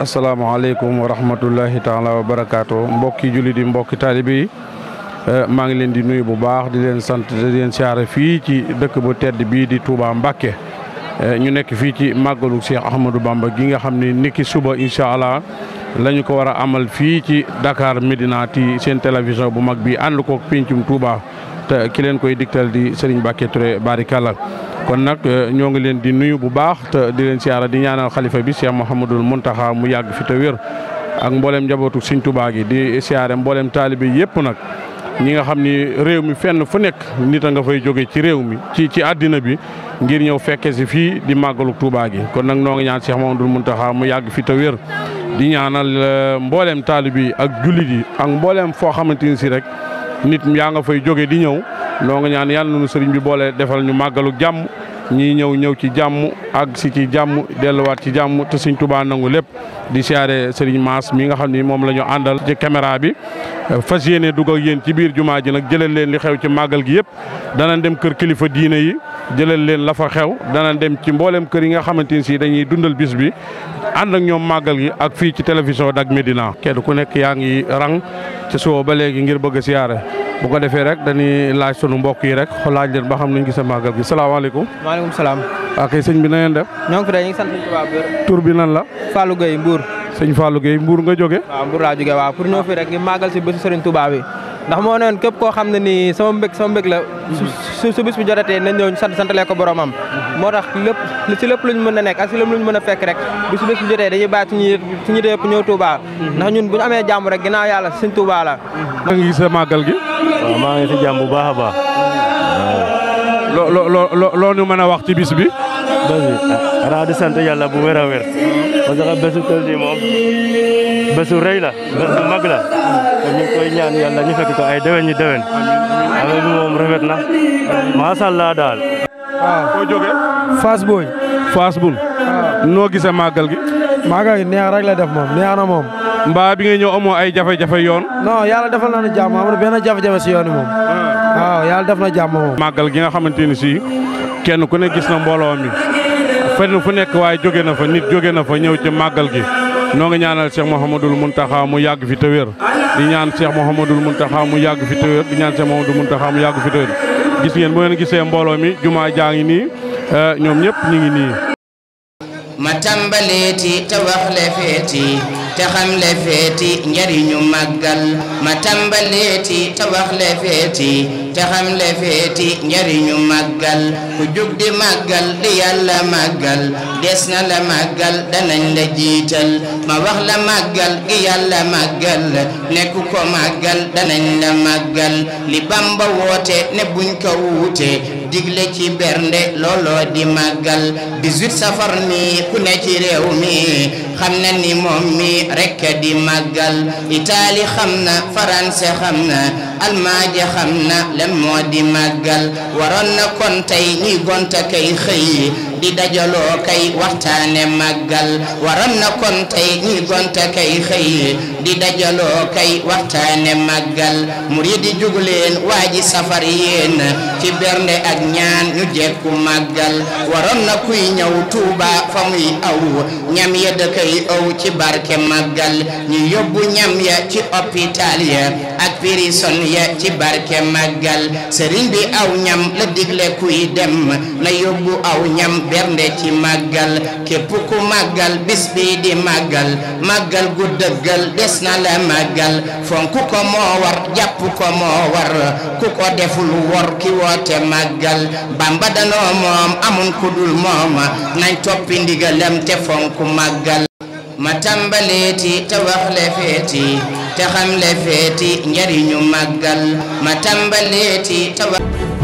asalaamaaleykum wa rahmatullahi taala wa barakaatu mbokki jullit yi mbokki taalibe yi eh, maa ngi leen di nuyu bu baax di leen sant di leen siyaare fii ci dëkk bu tedd bii di Touba Mbacké eh, ñu nekk fii ci màggalu Cheikh Ahmadou Bamba gi nga xam ne niki suba incha allah la ko war a amal fii ci dakaar Medina ci seen télévision bu mag bi ànd koog pencum Touba te ki leen koy digtal di Serigne Mbacké Touré barikalla kon nag euh, ñoo ngi leen di nuyu bu baax te di leen siyaara di ñaanal xalifa bi Cheikh Mouhamadul Mountakha mu yàgg fi te wér ak mboolem njabootu Sëñ Tuubaa gi di siyaare mboolem taalibe yépp nag. ñi nga xam ni réew mi fenn fu nekk nit a nga fay jóge ci réew mi ci ci àddina bi ngir ñëw fekkee si fii di màggalu Touba gi kon nag noo ngi ñaan dul munta Mountakha mu yàgg fi te wér di ñaanal euh, mbooleem taalib yi ak julli yi ak mbooleem foo xamante ni si rek nit yaa nga fay jóge di ñëw noo ngi ñaan yàlla nunu màggalu jàmm ñii ñëw ñëw ci jàmm ak si ci jàmm delluwaat ci jàmm te Sëriñ Tuubaa lépp di siyaare Serigne Mass mi nga xam ni moom la ñu àndal ci caméra bi fas yéene dugg yéen ci biir jumaa ji nag jëlal leen di xew ci màggal gi yëpp danañ dem kër kilifa diine yi jëlal leen la fa xew danañ dem ci mbooleem kër yi nga xamante ni si dañuy dundal bis bi ànd ak ñoom màggal gi ak fii ci télévision Dak Médina kenn ku nekk yaa ngi rang ci suba ba léegi ngir bëgg siyaare bu ko defee rek dañuy laaj sunu mbokk yi rek laaj leen ba xam nuñ gisee màggal gi salaamaaleykum. maaleykum salaam. ok sëñ bi na ngeen def. ñoo ngi fi de Tuubaa nan la. Fallou Gueye Mbour. sëñ Fallou Gueye Mbour nga jóge waaw Mbour laa jóge waaw pour ñëw rek màggal si bésu Serigne Touba bi ndax moo noon képp koo xam ne nii sama mbég sama mbég la su su bis bu jotatee na ñëw sant santalee ko boromam moo tax lépp si lépp luñ mën a nekk ak si lépp luñ mën a fekk rek bu su bis bu jotee dañuy bàyyi suñu suñu yëpp ñun bu ñu amee jàmm rek ginnaaw yàlla Serigne Touba la nga gisee màggal gi waaw maa ngi si jàmm bu baax a baax. loo loo loo ñu a wax ci bis bi. bés bi xanaa di sant yàlla bu wér a wér di que bésu tël nii moom bésu rëy la bés mag la te ñu koy ñaan yàlla ñu fekk ko ay déwén ñu déwén. affaire bi moom rafet na macha allah daal. waaw ah. koo jógee. Fass Boy. Fass Boy. Ah. noo gisee màggal gi. Maga ngi neex rek la def moom neex na moom. mbaa bi nga ñëw amoo ay jafai jafe yoon. non yàlla defal na nu jàmm amul benn jafe-jafe si yoon yi moom. Ah. waaw yàlla def na jàmm moom. màggal gi nga xamante ni si kenn ku ne gis na mbooloo mi fenn fu nekk waaye jóge na fa nit na fa ñëw ci màggal gi noo nga ñaanal Cheikh Mouhamadul Mountakha mu yag fi te wér di ñaan Cheikh Mouhamadul Mountakha mu yag fi te wér di ñaan Cheikh Mouhamadul Mountakha mu yag fi te wér gis ngeen bu ngeen gisee mbolo mi jumaa jaa ngi nii eh, ñoom ngi ma tàmbaleeti te wax le feeti te xam le feeti njariñu màggal ma tàmbaleeti te wax le feeti te xam le feeti njariñu màggal ku jug di màggal di yàlla màggal des na la màggal danañ la jiital ma wax la màggal gi yàlla màggal nekk ko màggal danañ la màggal li Bamba woote ne buñ ko wuute digle ci bernde lolo di màggal 18 safar ni ku ne ci rew mi xamna ni mom mi rek di magal itali xamna france xamna xam xamna lam mo di magal waron kon tay ni gonta kay xëy di dajaloo kay waxtaane màggal waroon na kon tey gonta kay xëy di dajaloo kay waxtaane màggal murid yi di leen waa ji safar yéen ci bernde ak ñaan ñu jekku màggal waroon na kuy ñëw Tuuba fa muy aw ñam ya da kay aw ci barke màggal ñu yóbbu ñam ya ci hôpital ya ak prison ya ci barke màggal sëriñ bi aw ñam la digle kuy dem na yóbbu aw ñam bernde ci màggal képp ku màggal bis di màggal màggal gu des na la màggal fonk ko moo war jàpp ko moo ku ko deful wor ki woote màggal bamba danoo moom amun ku dul nañ toppi ndigalam te fonk màggal ma tàmbaleeti te wax le feeti te xam le feeti njariñu màggal ma tàmbaleeti te wax